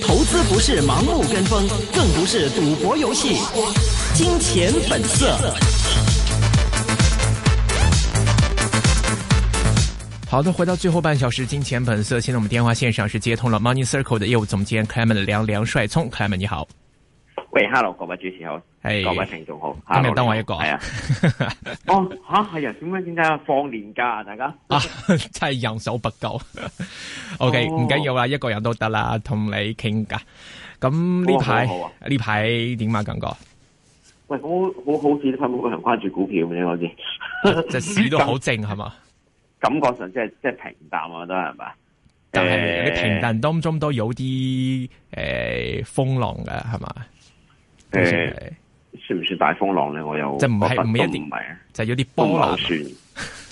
投資不是盲目跟風，更不是賭博遊戲。金錢本色。 好的，回到最後半小時，金錢本色。現在我們電話線上是接通了 Money Circle 的業務總監 Clement 梁梁帥聰，Clement 你好。喂，Hello，各位主席好。 各位聽眾好，今日得我一個係啊，哦吓係啊，點解點解啊？放年假啊？大家啊，真係人手不夠。OK，唔緊要啦，一個人都得啦，同你傾偈。咁呢排呢排點啊？感覺？喂，我好好似都冇人關注股票咁樣，我先隻市都好靜係嘛？感覺上即係即係平淡啊，都係嘛？但係你平淡當中都有啲誒風浪嘅係嘛？誒。算唔算大風浪咧？我又就唔係唔一定，就係有啲風浪算。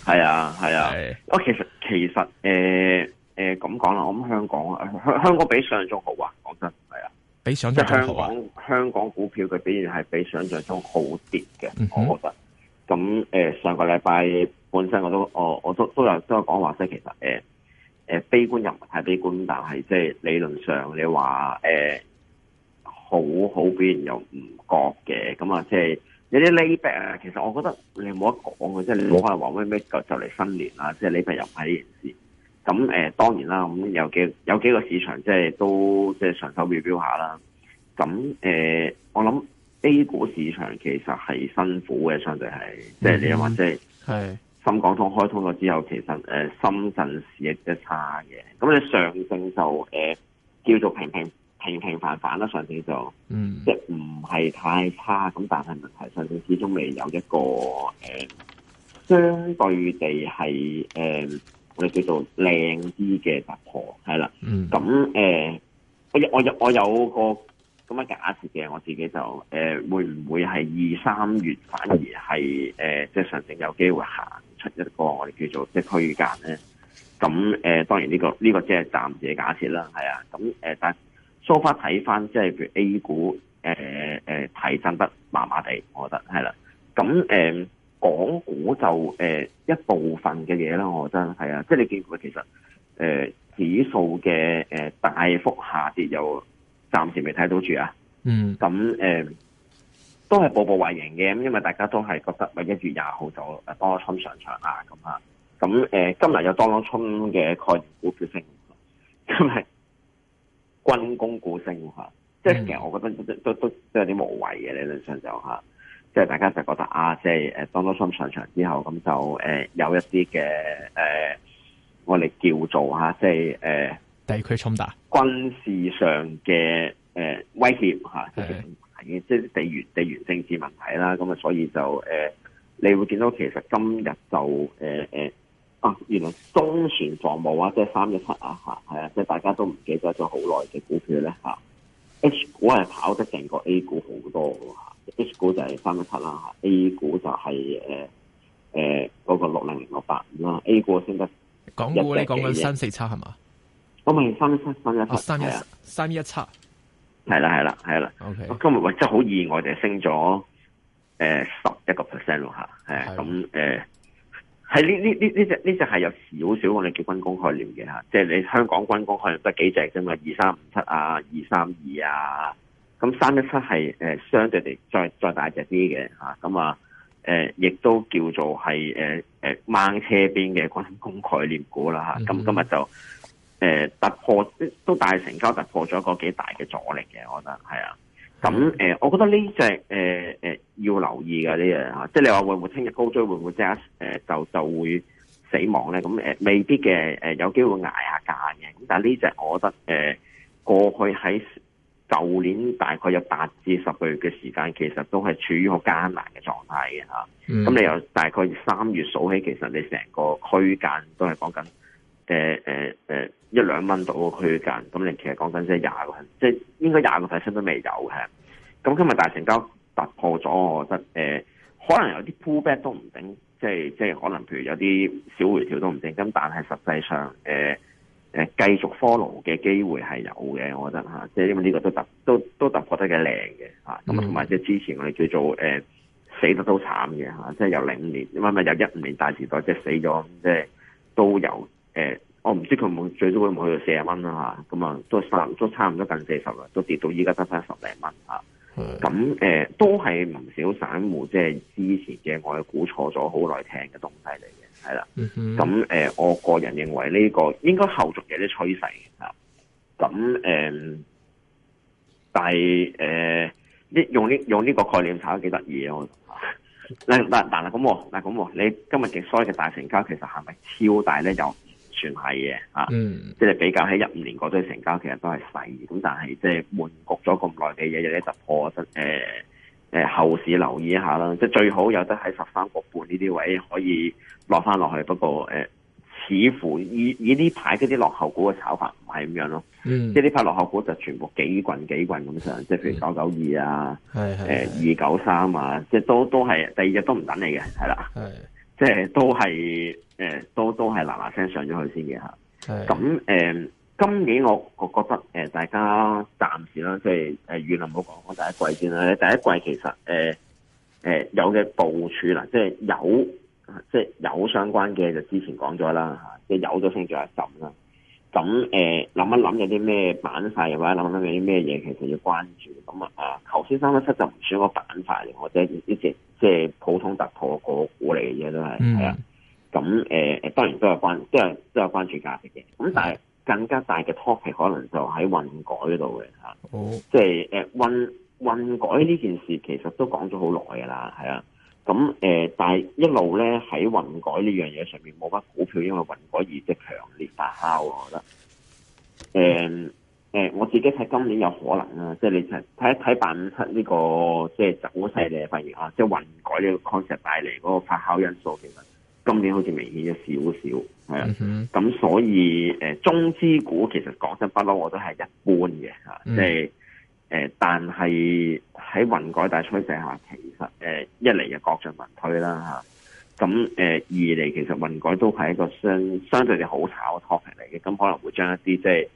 係啊係啊，我、啊、的其實其實誒誒咁講啦，我諗香港香香港比想象中好啊，講真係啊，比想象中好啊。香港股票嘅表現係比想象中好跌嘅，我覺得。咁誒、嗯哼呃，上個禮拜本身我都我我都我都有都有講話說，即係其實誒誒、呃呃、悲觀又唔係太悲觀，但係即係理論上你話誒。呃呃呃好好表現又唔覺嘅，咁、嗯、啊，即係有啲利別啊，其實我覺得你冇得講嘅有，即係你冇可能話咩咩就嚟新年啦，即係利別又唔係呢件事。咁、嗯、誒當然啦，咁、嗯、有幾有幾個市場即係都即係順手 review 下啦。咁、嗯、誒、呃，我諗 A 股市場其實係辛苦嘅，相對係，即係你話即係是是深港通開通咗之後，其實誒、呃、深圳市亦都差嘅。咁、嗯、你上證就誒、呃、叫做平平。平平凡凡啦，上證就，嗯、即係唔係太差咁，但係問題上證始終未有一個誒、呃、相對地係誒、呃、我哋叫做靚啲嘅突破，係啦。咁誒、嗯呃，我有我有我有個咁嘅假設嘅，我自己就誒、呃、會唔會係二三月反而係誒、呃、即係上證有機會行出一個我哋叫做即係區間咧？咁誒、呃，當然呢、這個呢、這個即係暫時嘅假設啦。係啊，咁誒但。so far 睇翻，即係譬如 A 股，誒、呃、誒，提振得麻麻地，我覺得係啦。咁誒，港股就誒一部分嘅嘢啦，我覺得係啊。即係你見其實誒指數嘅誒大幅下跌，又暫時未睇到住啊。嗯。咁誒、嗯，都係步步為營嘅，咁因為大家都係覺得，誒一月廿號就多春上場啊，咁啊。咁誒，今日有多春嘅概念股票升，咁係。軍工股升嚇，即係其實我覺得都都都有啲無謂嘅、嗯、理論上就嚇，即係大家就覺得啊，即係誒 Donald Trump 上場之後咁就誒、呃、有一啲嘅誒，我哋叫做嚇，即係誒地區衝突、軍事上嘅誒、呃、威脅嚇，即、就、係、是、地緣的地緣政治問題啦，咁啊、呃、所以就誒、呃，你會見到其實今日就誒。呃呃啊，原來中船防務啊，即係三一七啊，係啊，即係大家都唔記得咗好耐嘅股票咧吓。H 股係跑得成個 A 股好多嘅吓，H 股就係三一七啦，A 股就係誒誒嗰個六零零六八五啦。呃、600, 85, A 股升得港股咧，講緊三四七係嘛？我咪三一七，三一七係啊，三一七係啦係啦係啦。啊啊啊啊啊、o Okay . K，我今日或者好意外就係升咗誒十一個 percent 咯吓，誒咁誒。係呢呢呢呢隻呢隻係有少少我哋叫軍工概念嘅吓、啊，即係你香港軍工概念得幾隻啫嘛、啊，二三五七啊，二三二啊，咁三一七係誒相對地再再大隻啲嘅吓，咁啊誒亦、啊呃、都叫做係誒誒掹車邊嘅軍工概念股啦吓，咁、啊啊、今日就誒、呃、突破都大成交突破咗個幾大嘅阻力嘅，我覺得係啊。咁誒、嗯呃，我覺得呢隻誒誒要留意嘅呢樣嚇，即係你話會唔會聽日高追會唔會即刻誒、呃、就就會死亡咧？咁、呃、誒未必嘅誒、呃、有機會捱下價嘅。咁但係呢隻我覺得誒、呃、過去喺舊年大概有八至十個月嘅時間，其實都係處於好艱難嘅狀態嘅嚇。咁、啊嗯、你由大概三月數起，其實你成個區間都係講緊嘅誒誒一兩蚊度嘅區間。咁你其實講緊即係廿個，即、就、係、是、應該廿個 percent 都未有嘅。咁今日大成交突破咗，我覺得誒、呃，可能有啲 pullback 都唔定，即係即係可能譬如有啲小回調都唔定。咁但係實際上誒誒、呃、繼續 follow 嘅機會係有嘅，我覺得嚇。即係因為呢個都突都都突破得幾靚嘅嚇。咁同埋即係之前我哋叫做誒、呃、死得都慘嘅嚇、啊，即係由零五年因為咪有一五年大時代即係死咗，即係都有。誒、呃、我唔知佢冇最終會唔會去到四十蚊啦嚇。咁啊都都差唔多近四十啦，都跌到依家得翻十零蚊嚇。啊咁誒，都係唔少散戶即係之前嘅，我係估錯咗好耐聽嘅東西嚟嘅，係啦。咁誒，我個人認為呢個應該後續嘅啲趨勢啊。咁誒，但係誒，用呢用呢個概念炒得幾得意啊！我嗱嗱但係咁，嗱咁，你今日所謂嘅大成交其實係咪超大咧？又？算係嘅，啊、嗯，即係比較喺一五年嗰堆成交，其實都係細，咁但係即係悶局咗咁耐嘅嘢，日啲突破，真誒誒後市留意一下啦，即係最好有得喺十三個半呢啲位可以落翻落去，不過誒、呃，似乎以以呢排嗰啲落後股嘅炒法唔係咁樣咯，嗯、即係呢排落後股就全部幾棍幾棍咁上，即係譬如九九二啊，係誒二九三啊，即係都都係第二日都唔等你嘅，係啦，係。即係都係誒、呃，都都係嗱嗱聲上咗去先嘅嚇。咁誒的、呃，今年我我覺得誒，大家暫時啦，即係誒預林冇講，講、呃、第一季先啦。第一季其實誒誒、呃呃、有嘅部署啦，即係有即係有相關嘅，就之前講咗啦嚇，即係有咗升咗一浸啦。咁誒，諗、呃、一諗有啲咩板塊嘅話，諗一諗有啲咩嘢其實要關注咁啊啊！頭先三一七就唔算個板塊嚟，或者亦即即係普通突破個股嚟嘅嘢都係係、嗯、啊。咁誒誒，當然都有關，都有都有關注價值嘅。咁但係更加大嘅 topic 可能就喺混改度嘅嚇，即係誒混混改呢件事其實都講咗好耐噶啦，係啊。咁誒、嗯，但係一路咧喺混改呢樣嘢上面冇乜股票，因為混改而即係強烈發酵我覺得。誒、嗯、誒、嗯，我自己睇今年有可能啊，即係你睇睇一睇八五七呢個即係走勢咧，發現啊，即係混改呢個確實帶嚟嗰個發酵因素，其實今年好似明顯咗少少係啊。咁、嗯、哼所以誒、呃，中資股其實講真不嬲，我都係一般嘅嚇，即係、嗯。誒，但係喺混改大趨勢下，其實誒一嚟就國進民退啦嚇，咁誒二嚟其實混改都係一個相相對嘅好炒 topic 嚟嘅，咁可能會將一啲即係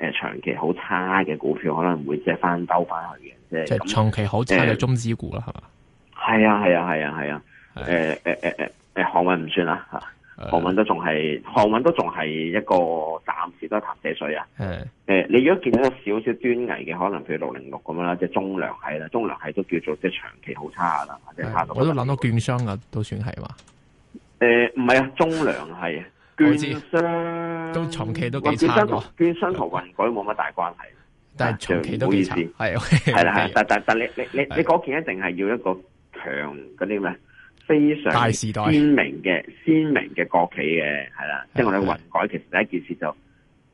誒長期好差嘅股票可能會即係翻兜翻去嘅，即係長期好差嘅中資股啦，係嘛是？係啊係啊係啊係啊，誒誒誒誒誒行運唔算啦嚇。航運都仲係，航運都仲係一個暫時都係淡死水啊。誒的、呃，你如果見到有少少端倪嘅，可能譬如六零六咁樣啦，即中係中糧系啦，中糧系都叫做即係長期好差啦，或者差到我都諗到券商啊，都算係嘛？誒、呃，唔係啊，中糧系券商都長期都幾差嘅。券商同、呃、券商同混改冇乜大關係，但係長期都幾差。係，係啦，係，但但但，但，但你你你你嗰件一定係要一個強嗰啲咩？非常鮮明嘅鮮明嘅國企嘅，係啦，的即係我哋混改其實第一件事就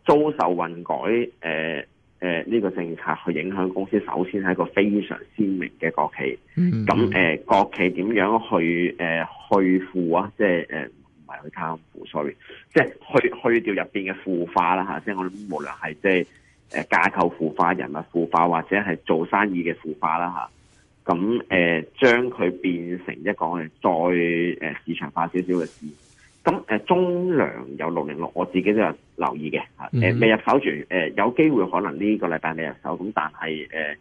遭受混改，誒誒呢個政策去影響公司。首先係一個非常鮮明嘅國企，咁誒、嗯嗯嗯呃、國企點樣去誒、呃、去腐啊？即係誒唔係去貪腐，sorry，即係去去掉入邊嘅腐化啦嚇。即係我諗無論係即係誒架構腐化、人物腐化或者係做生意嘅腐化啦嚇。咁誒、呃、將佢變成一個誒再誒、呃、市場化少少嘅事，咁誒、呃、中糧有六零六，我自己都有留意嘅嚇，誒、呃、未入手住，誒、呃、有機會可能呢個禮拜未入手，咁但係誒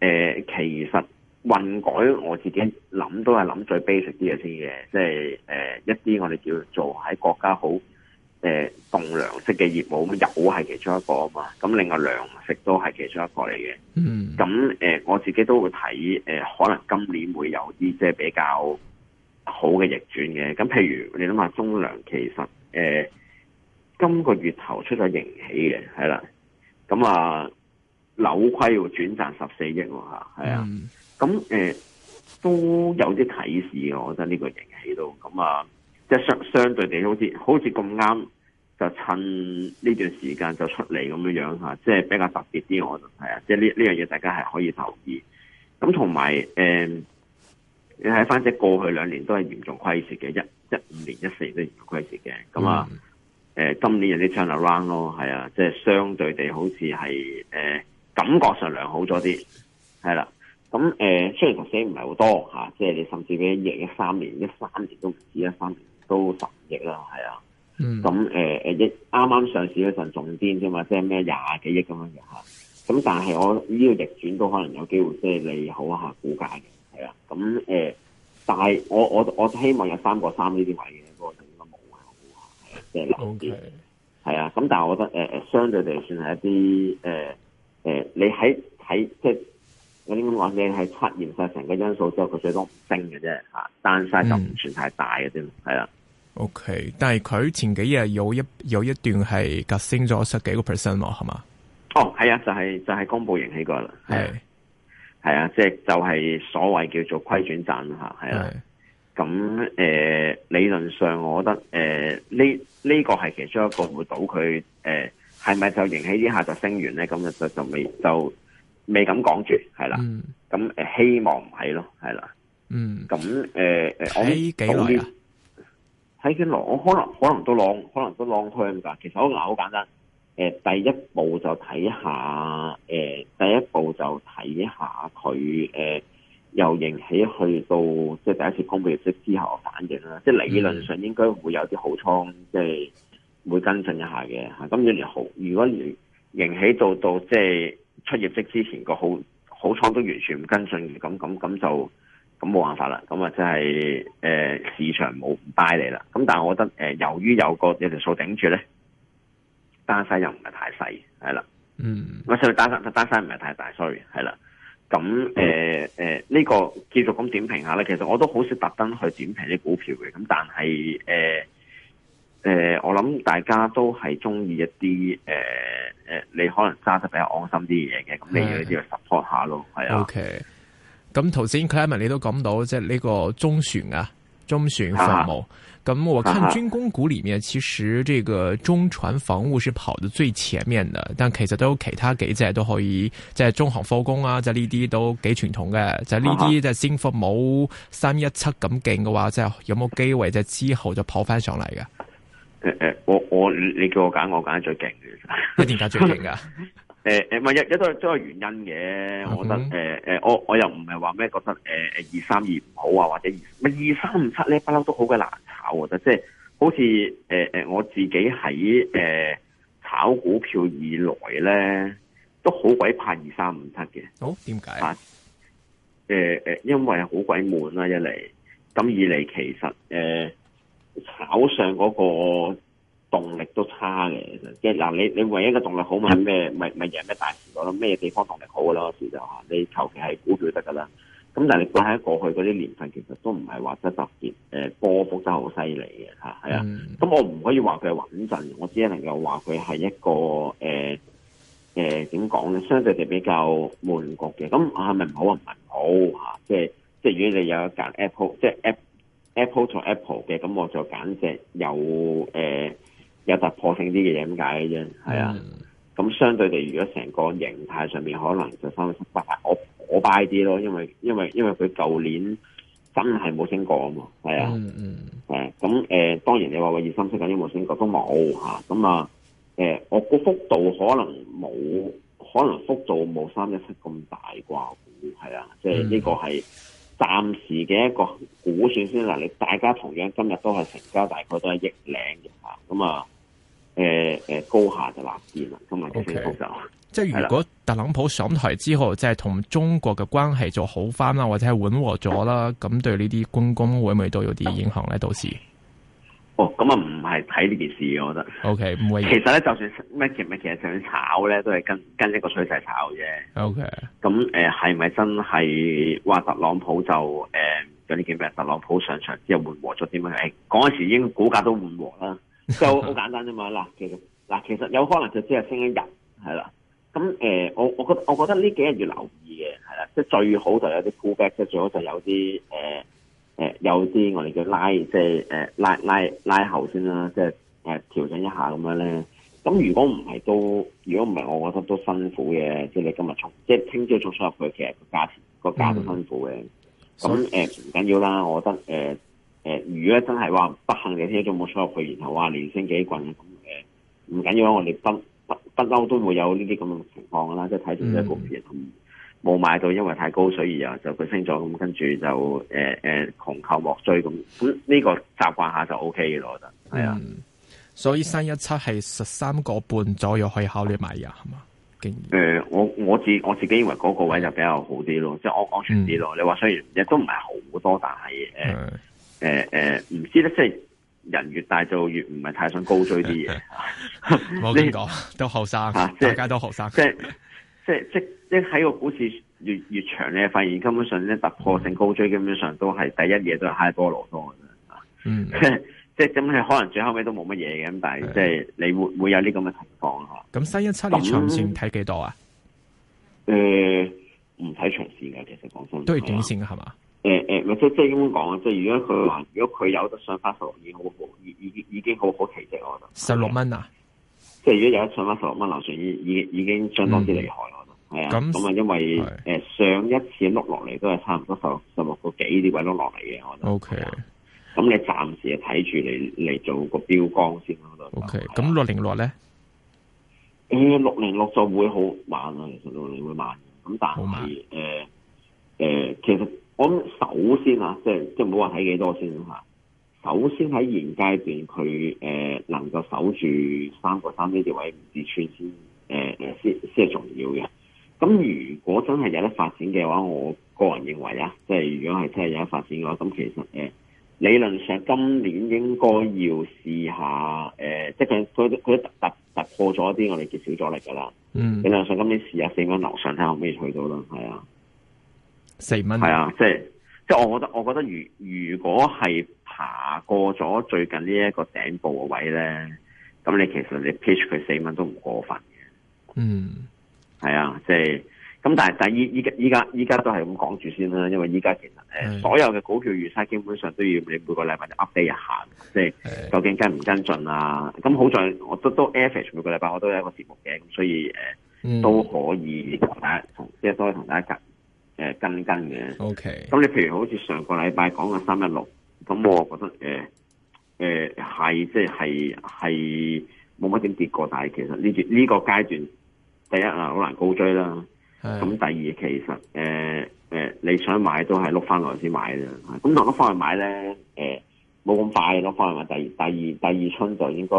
誒其實混改我自己諗都係諗最 basic 啲嘢先嘅，即係誒、呃、一啲我哋叫做喺國家好。誒，種糧食嘅業務，咁油係其中一個啊嘛，咁另外糧食都係其中一個嚟嘅。嗯，咁誒、呃，我自己都會睇，誒、呃，可能今年會有啲即係比較好嘅逆轉嘅。咁譬如你諗下，中糧其實誒、呃，今個月頭出咗盈喜嘅，係啦，咁啊扭虧轉賺十四億吓，係啊、嗯，咁誒、呃、都有啲啟示，我覺得呢個盈喜度，咁啊。即相相對地好，好似好似咁啱，就趁呢段時間就出嚟咁樣樣嚇、啊，即係比較特別啲，我覺得係啊！即呢呢樣嘢大家係可以留意。咁同埋誒，你睇翻即過去兩年都係嚴重虧蝕嘅，一一五年、一四年都嚴重虧蝕嘅。咁、嗯、啊，誒、嗯呃、今年有啲 turnaround 咯，係啊！即相對地好似係誒感覺上良好咗啲，係啦。咁、嗯、誒、呃、雖然頭先唔係好多嚇、啊，即係你甚至比二零一三年、一三年都唔止一三年。三年都十億啦，係啊，咁誒誒一啱啱上市嗰陣仲癲啫嘛，即係咩廿幾億咁樣嘅嚇，咁但係我呢個逆轉都可能有機會，即係利好一下股價嘅，係啊，咁、嗯、誒、嗯，但係我我我希望有三個三呢啲位嘅，嗰個應該冇啊，即係難嘅，係啊 Okay.，咁但係我覺得誒誒、呃、相對地算係一啲誒誒，你喺睇即係有啲咁講，你係出現晒成個因素之後，佢最多唔升嘅啫嚇 downside 就唔算太大嘅啫，係啊、嗯。O、okay, K，但係佢前幾日有一有一段係急升咗十幾個 percent，係嘛？哦，係啊，就係、是、就係、是、公布盈喜個啦，係係啊，即係是、啊、就係、是、所謂叫做虧轉賺吓，係啦、啊。咁誒是、呃，理論上我覺得誒呢呢個係其中一個會到佢誒，係、呃、咪就盈喜一下就升完咧？咁就就未就未敢講住係啦。咁誒、啊嗯呃，希望唔係咯，係啦、啊。嗯，咁誒誒，睇幾耐啊？久睇升我可能可能都浪，可能都浪區㗎。其實我諗好簡單，誒、呃，第一步就睇下，誒、呃，第一步就睇下佢誒、呃、由認起去到即係第一次公布業績之後嘅反應啦。即係理論上應該會有啲好倉，即係會跟進一下嘅嚇。咁如果好，如果認認起到到即係出業績之前個好好倉都完全唔跟進咁咁咁就。咁冇辦法啦，咁啊真係誒市場冇 buy 你啦。咁但係我覺得誒、呃，由於有個有條數頂住咧，單細又唔係太細，係啦、嗯，嗯，所以單單細唔係太大，sorry，係啦。咁誒誒呢個繼續咁點評下啦。其實我都好少特登去點評啲股票嘅。咁但係誒誒，我諗大家都係中意一啲誒誒，你可能揸得比較安心啲嘢嘅。咁的你要啲去 support 下咯，係啊。Okay 咁頭先 Clement 你都講到即係呢個中船啊，中船服務。咁、啊，我看軍工股裏面，啊，其實呢個中船防務是跑到最前面的。但其實都有其他幾隻都可以，即、就、在、是、中航科工啊，在呢啲都幾傳統嘅。在呢啲即在新發冇三一七咁勁嘅話，即係有冇機會即係之後就跑翻上嚟嘅？誒誒、啊啊，我我你叫我揀，我揀最勁嘅。點 解最勁啊？誒誒，唔係有有都都有原因嘅，嗯、哼我覺得誒誒、啊，我我又唔係話咩，覺得誒誒，二三二唔好啊，或者二咩二三五七咧，不嬲都好鬼難炒，我覺得即係好似誒誒，我自己喺誒、啊、炒股票以來咧，都好鬼怕二三五七嘅。好點解啊？誒誒因為好鬼悶啦、啊、一嚟，咁二嚟其實誒、啊、炒上嗰、那個。動力都差嘅，即係嗱，你你唯一個動力好咪係咩？咪咪有咩大市咗咯？咩地方動力好噶啦？事實上，你求其係股票得噶啦。咁但係你擺喺過去嗰啲年份，其實都唔係話得特別，誒、呃，波幅真係好犀利嘅吓，係啊。咁、嗯、我唔可以話佢係穩陣，我只能夠話佢係一個，誒、呃，誒、呃，點講咧？相對地比較悶局嘅。咁係咪好？唔係好吓？即係即係，就是就是、如果你有一間 App App Apple，即係 Apple，Apple 同 Apple 嘅，咁我就揀隻有誒。呃有突破性啲嘅嘢咁解嘅啫，係啊，咁、um, 相對地，如果成個形態上面可能就三一七八，我我 buy 啲咯，因為因為因為佢舊年真係冇升過啊嘛，係啊，係、um, um, 哎，咁、嗯、誒，當然你話話二三七咁樣冇升過都冇嚇，咁啊，誒、嗯，我個幅度可能冇，可能幅度冇三一七咁大啩，係啊，即係呢個係暫時嘅一個估算先嗱，你、呃、大家同樣今日都係成交大概都係一億零嘅嚇，咁啊～、呃誒誒、呃呃，高下就立見啦，咁埋呢啲因素。即係如果特朗普上台之後，即係同中國嘅關係就好翻啦，或者緩和咗啦，咁、嗯、對呢啲軍工會唔會都有啲影響咧？到時。哦，咁啊，唔係睇呢件事我覺得。O K，唔會。其實咧，就算咩嘅咩嘅想炒咧，都係跟跟一個趨勢炒啫。O Okay . K、嗯。咁、呃、誒，係咪真係話特朗普就誒有啲叫咩？特朗普上場之後緩和咗點樣？誒、哎，嗰陣時已經股價都緩和啦。 就好簡單啫嘛，嗱，其實嗱，其實有可能就只係升一日係啦，咁誒、呃、我我覺得我覺得呢幾日要留意嘅係啦，即係最好就有啲 pullback 即係最好就有啲誒誒有啲我哋叫拉即係誒拉拉拉後先啦，即係誒調整一下咁樣咧。咁如果唔係都，如果唔係我覺得都辛苦嘅，即係你今日衝即係聽朝衝出入去，其實個價錢個價、嗯、都辛苦嘅。咁誒唔緊要啦，我覺得誒。呃誒，如果真係話不幸嘅，聽咗冇收入去，然後話連升幾棍，咁誒唔緊要啊！我哋不不不嬲都會有呢啲咁嘅情況啦，即係睇到啲股票冇買到，因為太高，所以然後就佢升咗，咁跟住就誒誒窮寇莫追咁。咁呢個習慣下就 O K 嘅咯，我覺得。係啊，所以三一七係十三個半左右可以考慮買入，係嘛？建議誒，我我自我自己認為嗰個位就比較好啲咯，即係安安全啲咯。你話雖然亦都唔係好多，但係誒。誒誒，唔、呃呃、知咧，即係人越大就越唔係太想高追啲嘢。冇聽講， 即都後生，啊、大家都後生即， 即係即係即係喺個股市越越長咧，你發現根本上咧突破性高追，基本上都係第一嘢都係嗨波羅多嘅。嗯， 即係咁，你可能最後尾都冇乜嘢嘅，但係即係你會會有啲咁嘅情況嗬。咁西一七年長線睇幾多啊？誒，唔睇長線嘅，其實講真都係短線嘅係嘛？對誒誒，咪即即係咁講啊！即係如果佢話，如果佢有得上翻十六已經好好，已已已經好好奇跡，我覺得十六蚊啊！即係如果有得上翻十六蚊，樓上已已已經相當之厲害，我覺得係啊。咁咁啊，因為誒的上一次碌落嚟都係差唔多十十六個幾啲位碌落嚟嘅，我覺得。O K. 咁你暫時係睇住嚟嚟做個標杆先咯。O K. 咁六零六咧？咁六零六就會好慢啊，其實六零會慢。咁但係誒誒，其實。我咁首先啊，即係即係唔好話睇幾多先吓。首先喺現階段，佢誒、呃、能夠守住三個三千點位唔至穿先，誒誒先先係重要嘅。咁如果真係有得發展嘅話，我個人認為啊，即係如果係真係有得發展嘅話，咁其實誒、呃、理論上今年應該要試下誒、呃，即係佢佢佢突突，突破咗啲我哋嘅小阻力㗎啦。嗯，理論上今年試下四蚊樓上睇下可唔可以去到啦？係啊。四蚊係啊，就是、即係即係，我覺得我覺得如如果係爬過咗最近呢一個頂部嘅位咧，咁你其實你 pitch 佢四蚊都唔過分嘅。嗯，係啊，即、就、係、是，咁但係但依依依家依家都係咁講住先啦，因為依家其實誒所有嘅股票預測基本上都要你每個禮拜就 update 一下，即係是 究竟跟唔跟進啊。咁好在我都都 effort 每個禮拜我都有一個節目嘅，咁所以誒都可以同大家同即係都可以同大家誒、呃，跟跟嘅，OK。咁你譬如好似上個禮拜講嘅三一六，咁我覺得，誒誒係即係係冇乜點跌過，但係其實呢段呢個階段，第一啊好難高追啦。咁的第二其實，誒、呃、誒你想買都係碌翻嚟先買啫。咁落碌翻嚟買咧，誒冇咁快碌翻嚟買。第二第二第二春就應該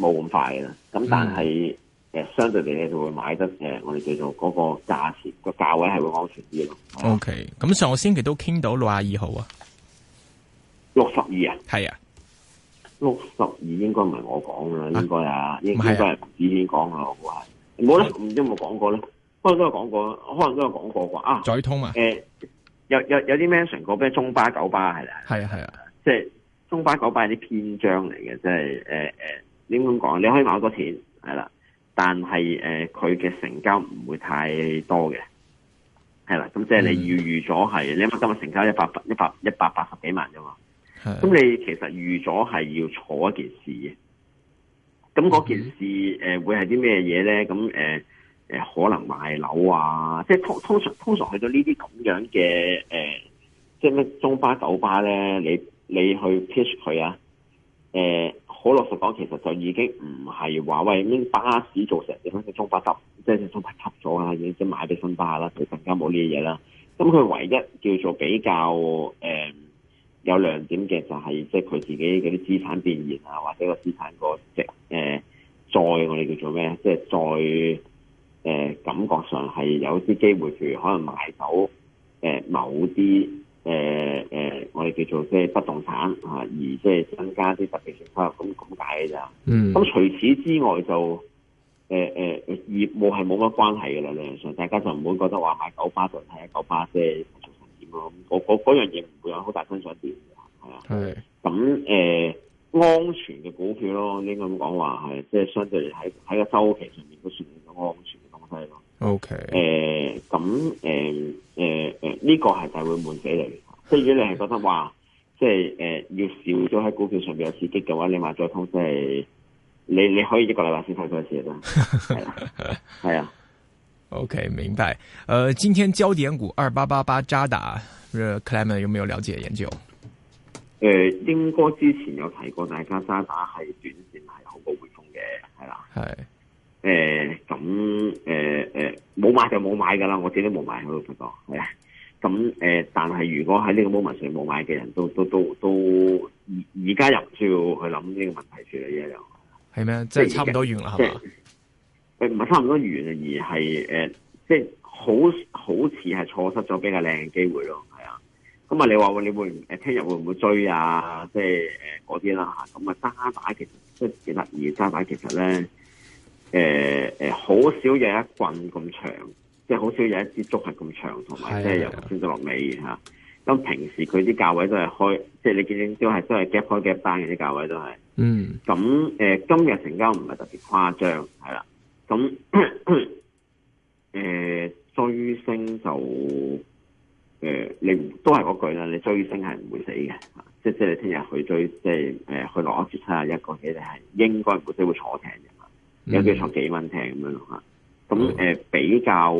冇咁快啦。咁但係。誒，相對嚟你就會買得誒，我哋叫做嗰個價錢個價位係會安全啲咯。O K，咁上個星期都傾到六啊二號 62? 啊，六十二啊，係啊，六十二應該唔係我講嘅，應該啊，應該係吳子軒講嘅，我係冇啦，唔知有冇講過咧，可能都有講過，可能都有講過啩啊，載通啊，誒、欸，有有有啲 mention 過咩中巴九巴係咪啊？係啊係啊，即係、啊啊、中巴九巴係啲篇章嚟嘅，即係誒誒，點、呃、講？你可以買好多錢係啦。但係誒，佢、呃、嘅成交唔會太多嘅，係啦。咁即係你預預咗係，嗯、你啱啱今日成交一百一百一百八十幾萬啫嘛。咁的你其實預咗係要做一件事嘅。咁嗰件事誒、嗯呃、會係啲咩嘢咧？咁誒誒可能賣樓啊，即係通通常通常去到呢啲咁樣嘅誒、呃，即係咩中巴九巴咧？你你去 pitch 佢啊？誒、呃。好老實講，其實就已經唔係話喂已經巴士做成，而家佢中巴搭，即係中巴搭咗啦，已經即係買俾新巴啦，佢更加冇呢啲嘢啦。咁佢唯一叫做比較誒、呃、有亮點嘅就係、是、即係佢自己嗰啲資產變現啊，或者個資產個即係再我哋叫做咩即係再誒、呃、感覺上係有啲機會，譬如可能買到誒某啲。誒誒、呃呃，我哋叫做即係不動產啊，而即係增加啲特別情況，咁咁解嘅咋？嗯。咁除此之外就，誒、呃、誒，業務係冇乜關係噶啦，理論上大家就唔會覺得話買九巴就睇下九巴，即係做成點咯。咁嗰嗰嗰樣嘢唔會有好大分想點嘅，係啊。係是。咁、呃、誒，安全嘅股票咯，應該咁講話係，即係相對嚟喺喺個周期上面都算係安全嘅東西咯。O K，誒，咁 Okay.、呃，誒，誒、呃，誒、呃，呢、呃呃這個係就是會悶死你。即係如果你係覺得話，即係，誒、呃，要少咗喺股票上邊有刺激嘅話，你話再通即、就、係、是，你你可以一個禮拜先睇多一次啦。係、嗯、啊，係、嗯、啊。嗯、 o、okay, K，明白。誒、呃，今天焦點股二八八八渣打 Clement 有冇有了解研究？誒、呃，應該之前有提過，大家渣打係短線係好高回風嘅，係啦，係。 誒，咁誒誒，冇、呃呃、買就冇買噶啦，我自己都冇買，我發覺係啊。咁誒，但係、呃、如果喺呢個 moment 上冇買嘅人，都都都都而而家又唔需要去諗呢個問題，似係一樣。係咩？即係差唔多完啦，係嘛是？誒的，唔係差唔多完，而係誒，呃、即係好好似係錯失咗比較靚嘅機會咯。係啊。咁、嗯、啊，你話會你會誒聽日會唔會追啊？即係誒嗰啲啦。咁啊，揸把，其實即係其實而揸把其實咧。誒誒，好、呃呃、少有一棍咁長，即係好少有一支竹係咁長，同埋即係由頭先到落尾嚇。咁平時佢啲價位都係開，即係你見證招係都係 gap 開 gap 單嘅啲價位都係嗯咁誒。今日成交唔係特別誇張係啦，咁誒追升就誒、呃，你都係嗰句啦。你追升係唔會死嘅，即即你聽日去追，即係誒、呃、去攞一至七廿一個幾，你係應該唔會即會坐艇。嘅。有啲床幾蚊艇咁樣咯吓，咁誒比較誒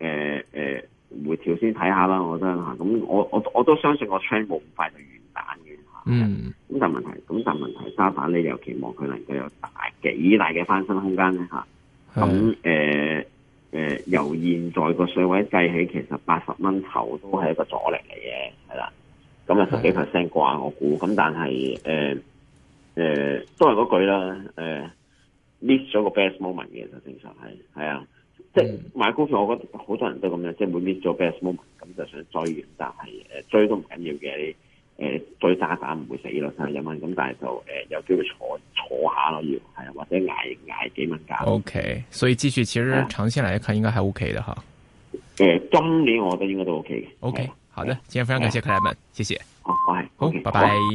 誒回調先睇下啦，我覺得吓，咁我我我都相信個 trend 冇咁快就完蛋嘅吓，嗯，咁但係問題，咁但係問題，沙板你又期望佢能夠有大幾大嘅翻身空間咧吓？咁誒誒由現在個水位計起，其實八十蚊頭都係一個阻力嚟嘅，係啦，咁啊十幾 percent 啩我估，咁但係誒誒都係嗰句啦，誒。miss 咗個 best moment 嘅就正常係係啊，即係買股票，我覺得好多人都咁樣，即係會 miss 咗 best moment，咁就想追完，但係嘅，追都唔緊要嘅，你誒追打打唔會死咯，三十一蚊，咁但係就誒、呃、有機會坐坐下咯要，係啊，或者捱捱，捱幾蚊價。O、okay, K，所以繼續，其實長線嚟看應該係 O K 嘅。哈。誒、啊，今年我覺得應該都 O K 嘅。O Okay , K，、啊、好的，今天非常感謝 Clement，謝謝。好，拜，好，拜拜。